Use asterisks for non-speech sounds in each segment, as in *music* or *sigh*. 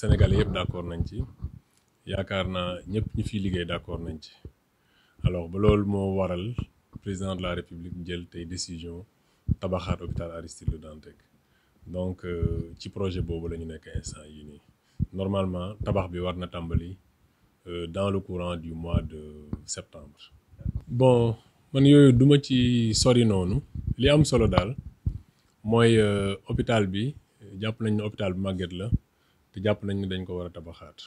Sénégalais yëpp d'accord. accord nañ ci yaakaar naa ñëpp ñu fiy liggéey d' ci alors ba loolu moo waral président de la république jël tey décision tabaxaat hôpital Aristide Le Dantec donc euh, ci projet boobu la ñu nekk instant yii normalement tabax bi war na tàmbali euh, dans le courant du mois de septembre. bon man yooyu duma ci sori noonu li am solo daal mooy euh, hôpital bi jàpp nañ ne hôpital bu la. te japp nañ ni dañ ko wara tabaxat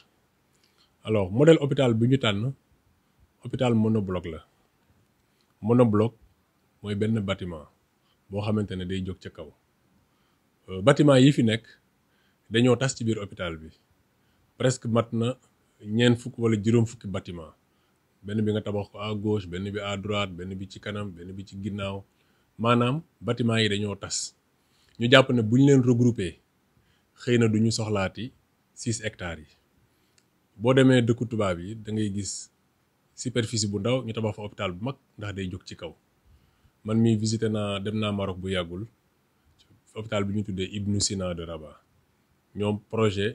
alors model hôpital bi ñu hôpital monobloc la monobloc moy benn bâtiment bo xamantene day jog ci kaw euh, bâtiment yi fi nek dañu tass ci biir hôpital bi presque matna, ñen fuk wala juroom fukki bâtiment benn bi nga tabax ko à gauche benn bi à droite benn bi ci kanam benn bi ci ginnaw Manam, bâtiment yi dañu tass ñu japp ne buñ leen regrouper xeyna duñu soxlaati 6 hectares Si vous demee dëkku tubaab yi da ngay gis superficie bu ndaw ñu l'hôpital. fa hôpital bu mag ndax day jóg ci kaw man mi visiter na dem na Maroc bu yagoul hôpital bi ñu Ibn Sina de Rabat ñom projet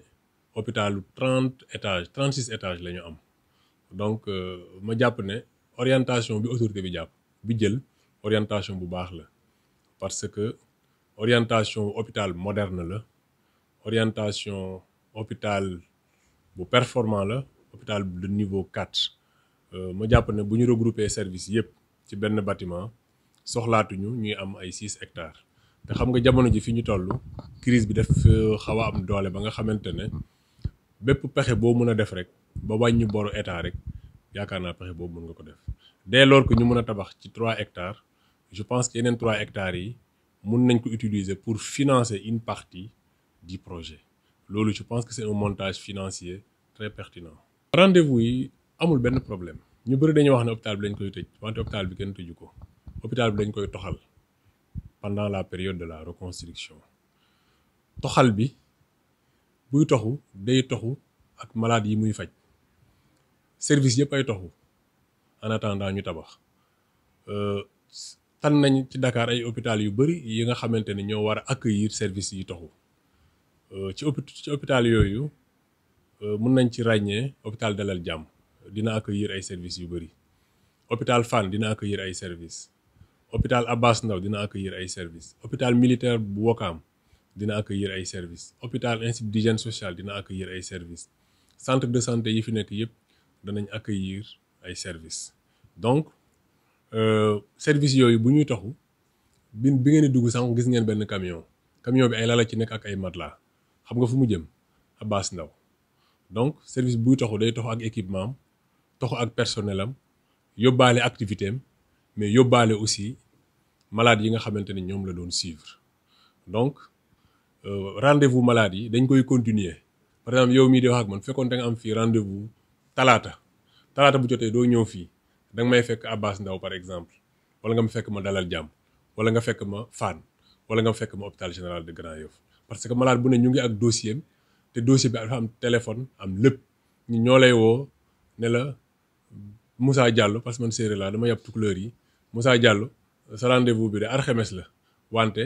hôpitalu 30 étages 36 étages la ñu am donc euh, ma japp ne orientation bi autorité bi japp bi jël orientation bu baax la parce que orientation hôpital moderne la orientation hôpital performant la hôpital de niveau 4 euh, avons regroupé buñu regrouper les services dans ci bâtiment Nous avons 6 hectares Nous xam nga jamono ji fi ñu tollu crise bi def euh, xawa am doole ba nga xamantene de pexé bo mëna def rek ba wañu boru état rek yaakaar na pexé bo mën ko def dès lors que nous mëna tabax ci 3 hectares je pense que yenen 3 hectares yi nous utiliser pour financer une partie du projet loolu je pense que c'est un montage financier très pertinent. rendez-vous yi amul benn problème ñu bëri dañuy wax ne hôpital bi lañ koy tëj wante hôpital bi kenn tëju ko hôpital bi dañ koy toxal pendant la période de la reconstruction toxal bi buy toxu day toxu ak malade yi muy faj service yëpp ay toxu en attendant ñu tabax euh, tan nañ ci Dakar ay hôpital yu bëri yi nga xamante ne ñoo war a accueillir service yi toxu. Euh, ci ci hôpital yooyu euh, mun nañ ci ràññee hôpital Dalal Jàmm dina accueillir ay service yu bëri hôpital Fann dina accueillir ay service hôpital Abass Ndao dina accueillir ay service hôpital militaire bu Wokam dina accueillir ay services hôpital institut d'hygiène sociale dina accueillir ay services centre de santé yi fi nekk yëpp danañ accueillir ay services donc euh, services yooyu bu ñuy taxu bi bi ngeen dugg sànq gis ngeen benn camion camion bi ay lala ci nekk ak ay matelas xam nga fu mu jëm abbas ndaw donc service buy toxu day toxu ak équipement am toxu ak personnel am yóbbaale activité am mais yóbbaale aussi malade yi nga xamante ne ñoom la doon suivre donc euh, rendez-vous malade yi dañ koy continuer par exemple yow mii di wax ak man fekkoon da nga am fii rendez-vous talaata talaata bu jotee doo ñëw fii da nga may fekk abbas ndaw par exemple wala nga fekk ma dalal jàmm wala nga fekk ma fan wala nga fekk ma hôpital général de Grand Yoff parce que malade bu ne ñu ngi ak dossier te dossier bi dafa am téléphone am lépp ñu ñoo lay woo ne la Moussa Diallo parce que man séeréer laa dama yàpp tukulóor yi Moussa Diallo sa rendez-vous bi de alxames la wante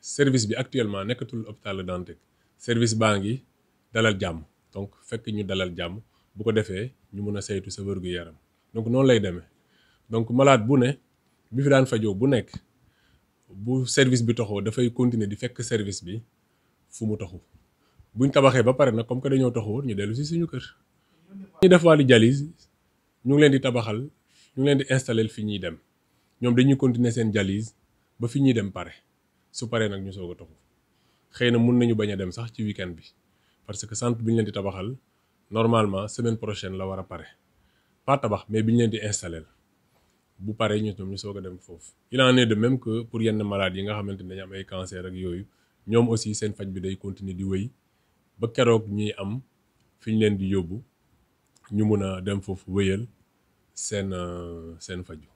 service bi actuellement nekkatul hôpital Le Dantec service baa ngi dalal jàmm donc fekk ñu dalal jàmm bu ko defee ñu mën a saytu sa wërgu yaram donc noonu lay demee donc malaat bu ne bi fi daan fajoo bu nekk bu service bi toxoo dafay continuer di fekk service bi fu mu taxu buñ tabaxé ba pare nak comme que dañu taxu ñu délu si suñu kër. ñi def wàllu jalis ñu ngi leen di tabaxal ñu ngi leen di installer fi ñi dem ñom dañuy continuer sen jalis ba fi ñi dem pare su paré nak ñu soog taxu xeyna mën nañu baña dem sax ci weekend bi parce que centre bi leen di tabaxal normalement semaine prochaine la wara paré pare pas tabax mais di installer bu paré ñu ñu soga dem fofu il en est de même que pour yenn malade yi nga xamanteni dañ am ay cancer ak yoyu ñoom aussi seen faj bi day continuer di nous ba keroog ñuy am fi Nous leen di yóbbu ñu mun a dem foofu wëyal seen euh, seen faju.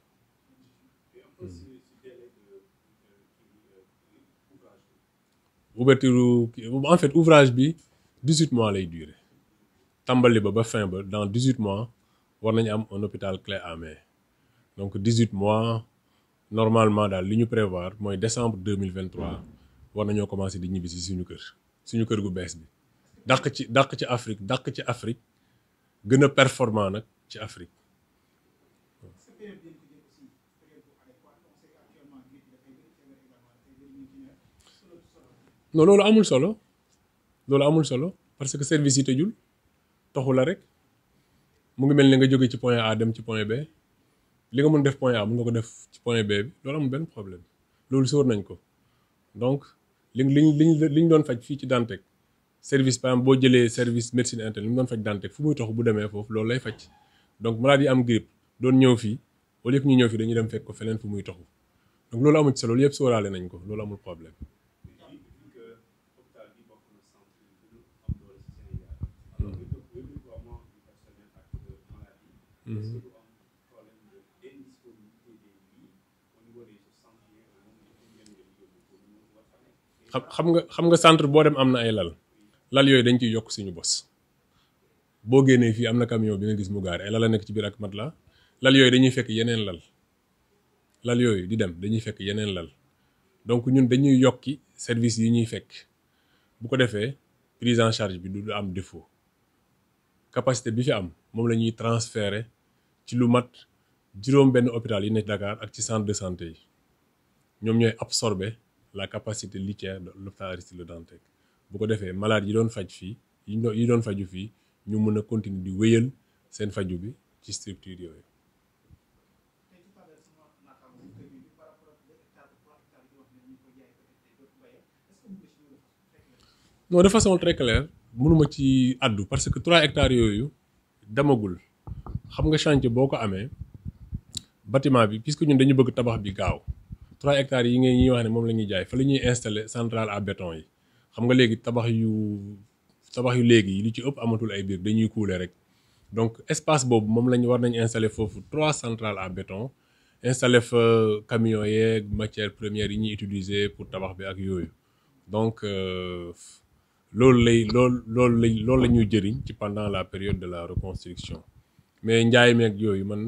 ouverture en fait ouvrage bi 18 mois lay durer a ba ba fin dans 18 mois war nañ un hôpital clé à main donc 18 mois normalement daal li ñu prévoir décembre 2023. war nañoo commencé di ñibbi suñu kër suñu kër gu bees bi dàq ci dàq ci Afrique dàq ci Afrique gën a performant nag ci Afrique. non loolu amul solo loolu amul solo parce que service yi tëjul taxu la rek mu ngi mel ni nga jóge ci point A dem ci point B li nga mën def point A mën nga ko def ci point B bi loolu amul benn problème loolu sóor nañ ko li liñ liñ liñ doon faj fii ci Dantec service par boo jëlee service médecine interne li mu doon faj Dantec fu muy tax bu demee foofu loolu lay faj donc malade yi am grippe doon ñëw fii au lieu ñu ñëw fii dañuy dem fekk ko feneen fu muy taxu donc loolu amul ci sa loolu yëpp sóoraale nañ ko loolu amul problème xam nga xam nga centre boo dem am na ay lal lal yooyu dañ ciy yokk suñu bos boo génnee fii am na camion bi nga gis mu gaare ay lal a nekk ci biir ak mat la lal yooyu dañuy fekk yeneen lal lal yooyu di dem dañuy fekk yeneen lal donc ñun dañuy yokki service yi ñuy fekk bu ko defee prise en charge bi du am défaut capacité bi fi am moom la ñuy transférer ci lu mat juróom benn hôpital yi ne Dakar ak ci centre de santé yi ñoom ñooy absorber la capacité litière de l'hôpital Aristide Le Dantec bu ko defee malade yi doon faj fii yi doon faju fii ñu mën continuer di wéyal seen faju bi ci structure yooyu non de façon très claire mënuma ci addu parce que 3 hectares yooyu damagul xam nga chantier boo ko bâtiment bi puisque ñun dañu bëgg tabax bi gaaw 3 hectares yi ngeen ñuy wax ne moom la ñuy jaay fa la ñuy installer centrale à béton yi xam nga léegi tabax yu tabax yu léegi li ci ëpp amatul ay biir dañuy couler rek donc espace boobu moom lañ war nañ installer foofu trois centrales à béton installer fa camion yeeg matière première yi ñuy utiliser pour tabax bi ak yooyu donc euh, loolu lay loolu loolu lay loolu la ñuy jëriñ ci pendant la période de la reconstruction mais njaay meeg yooyu man.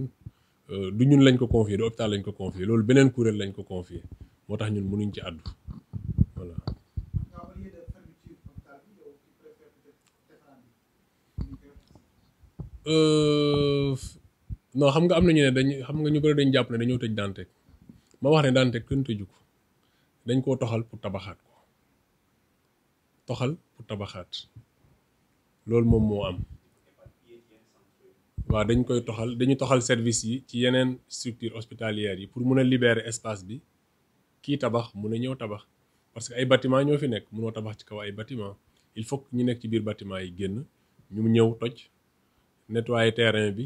Euh, du ñun lañ ko confier du hôpital lañ ko confier loolu beneen kuréel lañ ko confier moo tax ñun mënuñ ci àddu voilà. Euh, non xam nga am nañu ne dañ xam nga ñu bëri dañ jàpp ne dañoo tëj Dantec ma wax ne Dantec kenn tëju ko dañ koo toxal pour tabaxaat ko toxal pour tabaxaat loolu moom moo am. waaw dañ koy toxal dañu toxal service yi ci yeneen structure hospitalière yi pour mun a libérer espace bi kii tabax mun a ñëw tabax parce que ay bâtiment ñoo fi nekk munoo tabax ci kaw ay bâtiment il faut ñu nekk ci biir bâtiment yi génn ñu ñëw toj nettoyer terrain bi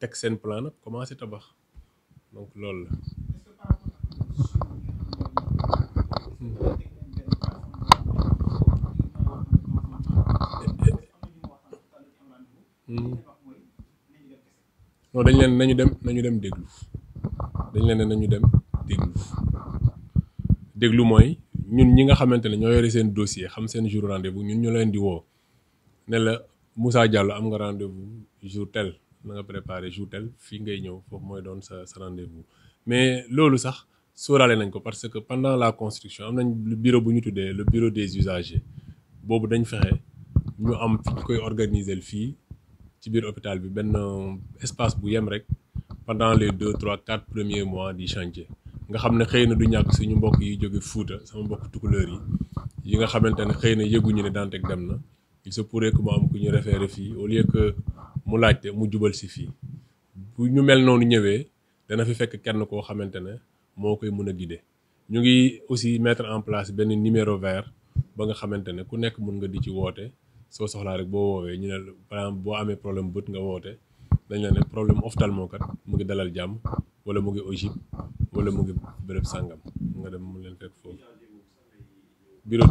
teg seen plan nag commencé tabax donc loolu la Mm-hmm. non dañ leen nañu dem nañu dem déglu dañ leen nañu dem déglu déglu mooy ñun ñi nga xamante ne ñoo yore seen dossier xam seen jour rendez-vous ñun ñu leen di woo ne la Moussa Diallo am nga rendez-vous jour tel na nga préparé jour tel fii ngay ñëw foofu mooy doon sa sa rendez-vous mais loolu sax sóoraale nañ ko parce que pendant la construction am nañ le bureau bu ñu tuddee le bureau des usagers boobu dañ fexe ñu am fi koy organiser fii ci biir hôpital bi benn euh, espace bu yem rek pendant les deux trois quatre premiers mois du chantier nga xam ne xëy na du ñàkk suñu mbokk yi jóge Fuuta sama mbokk tukulóor yi yi nga xamante ne xëy na yëguñu ne Dantec dem na il se pourrait que mu am ku ñu référé fii au lieu que mu laajte mu jubal si fii bu ñu mel noonu ñëwee dana fi fekk kenn koo xamante ne moo koy mën a guider ñu ngi aussi mettre en place benn numéro vert ba nga xamante ne ku nekk mun nga di ci woote soo soxlaa rek boo woowee ñu ne par boo amee problème bët nga woote dañ la ne problème ophtalmo kat mu ngi dalal jàmm wala mu ngi ogive wala mu ngi béréb sàngam nga dem mu leen fekk foofu bureau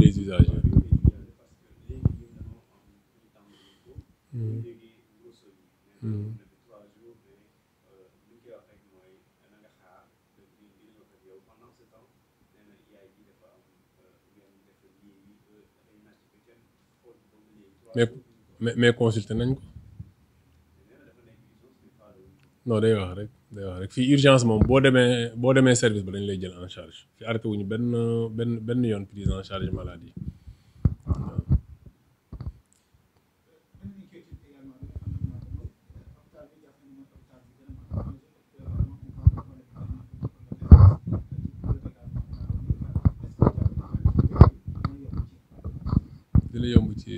mais mais mais consulté nañ ko non day wax rek day wax rek fii urgence moom boo demee boo demee service ba dañ lay jël en charge fi arrêté wuñu benn benn benn yoon prise en charge maladie ci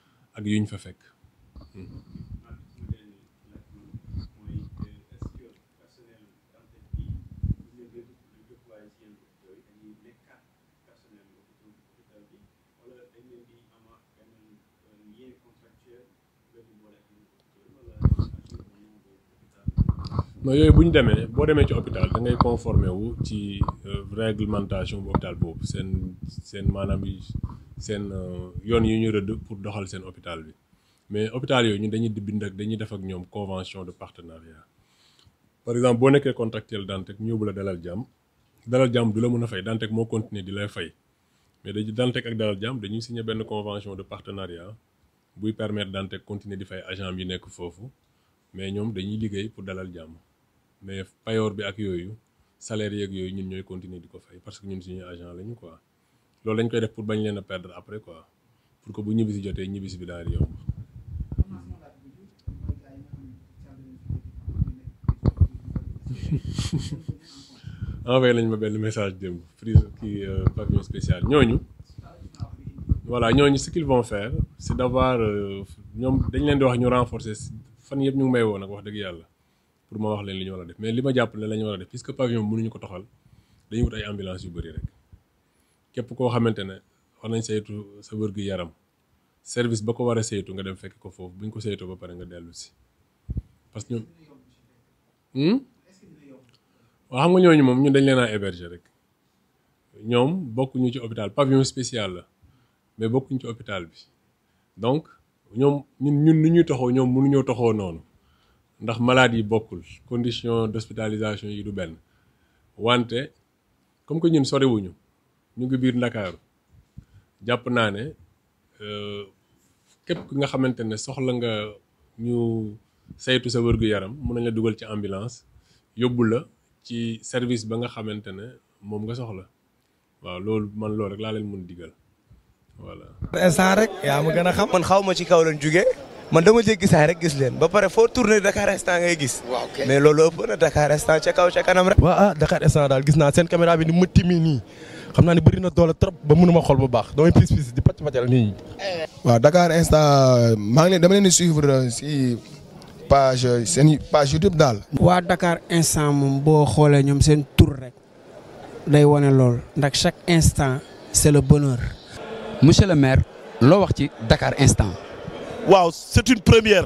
ak yu yuñ fa fekk. non yooyu bu demee boo demee ci hôpital da ngay conformé wu ci euh, réglementation bu hôpital boobu seen seen maanaam yi seen euh, yoon yu ñu rëdd pour doxal seen hôpital bi mais hôpital yooyu ñu dañuy bind ak dañuy def ak ñoom convention de partenariat par exemple boo nekkee contractuel dantek ñu yóbbu la dalal jàmm dalal jàmm du la mën a fay dantek moo continuer di lay fay mais dañuy dantek ak dalal jàmm dañuy signé benn convention de partenariat buy permettre dantek continuer di fay agent yi nekk foofu mais ñoom dañuy liggéey pour dalal jàmm mais payoor bi ak yooyu salaire yeeg yooyu ñun ñooy continuer di ko fay parce que ñun suñuy agent lañu quoi loolu lañ koy def pour bañ leen a perdre après quoi pour que bu ñibbisi jotee ñibbisi bi daal di yomb. *laughs* envoyé nañ ma benn message démb prise kii euh, pavillon spécial ñooñu voilà ñooñu ce qu'ils vont faire c'est d'avoir euh, ñoom dañ leen di wax ñu renforcer fan yëpp ñu ngi may woo nag wax dëgg yàlla pour ma wax leen li ñu war a def mais li ma jàpp ne la ñu war a def puisque pavillon mënuñu ko toxal dañu wut ay ambulance yu bëri rek. képp koo xamante ne war nañ saytu sa wërgu yaram service ba ko war a saytu nga dem fekk ko foofu buñ ko saytoo ba pare nga dellu si parce que ñoom hmm? waaw xam nga ñooñu moom ñun dañ leen a héberger rek ñoom bokkuñu ci hôpital pavillon spécial la mais bokkuñu ci hôpital bi donc ñoom ñun ñun ni ñuy taxaw ñoom mënuñoo taxaw noonu ndax malade yi bokkul condition d'hospitalisation yi du benn wante comme que ñun soriwuñu ñu ngi biir ndakaaru jàpp naa ne euh, képp ki nga xamante ne soxla nga ñu saytu sa wërgu yaram mun nañ la dugal ci ambulance yóbbu la ci service ba nga xamante ne moom nga soxla waaw loolu man loolu rek laa leen mun digal voilà. instant rek yaa ma gën a xam. man xaw ma ci kaw lañ jugee. man dama jéggi saa rek gis leen ba pare foo tourné Dakar instant ngay gis. waaw ok mais loolu ëpp na Dakar instant ca kaw ca kanam rek. waaw ah Dakar instant daal gis naa seen caméra bi ni mu timmi nii. xamna suis trop ba mënuma bu di Dakar instant je ngi dama suivre si page page YouTube Dal. Dakar instant mon bo xolé ñom sen tour rek day chaque instant c'est le bonheur. monsieur le maire. lo wax ci Dakar instant. c'est une première.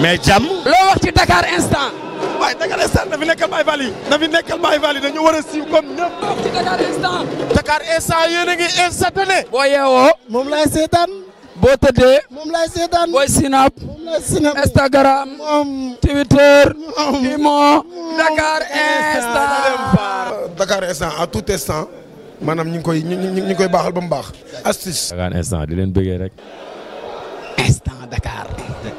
mais jàmm. loo wax ci Dakar instant. waaye Dakar instant Dakar instant. Dakar instant yéen a ngi instantané. boo yeewoo. moom laay seetaan. boo tëddee. moom laay seetaan. booy sinap. Instagram. Twitter. Dakar instant. Dakar à tout instant. maanaam ñu ngi koy koy baaxal ba mu baax. astuce. Dakar instant di leen bëggee rek.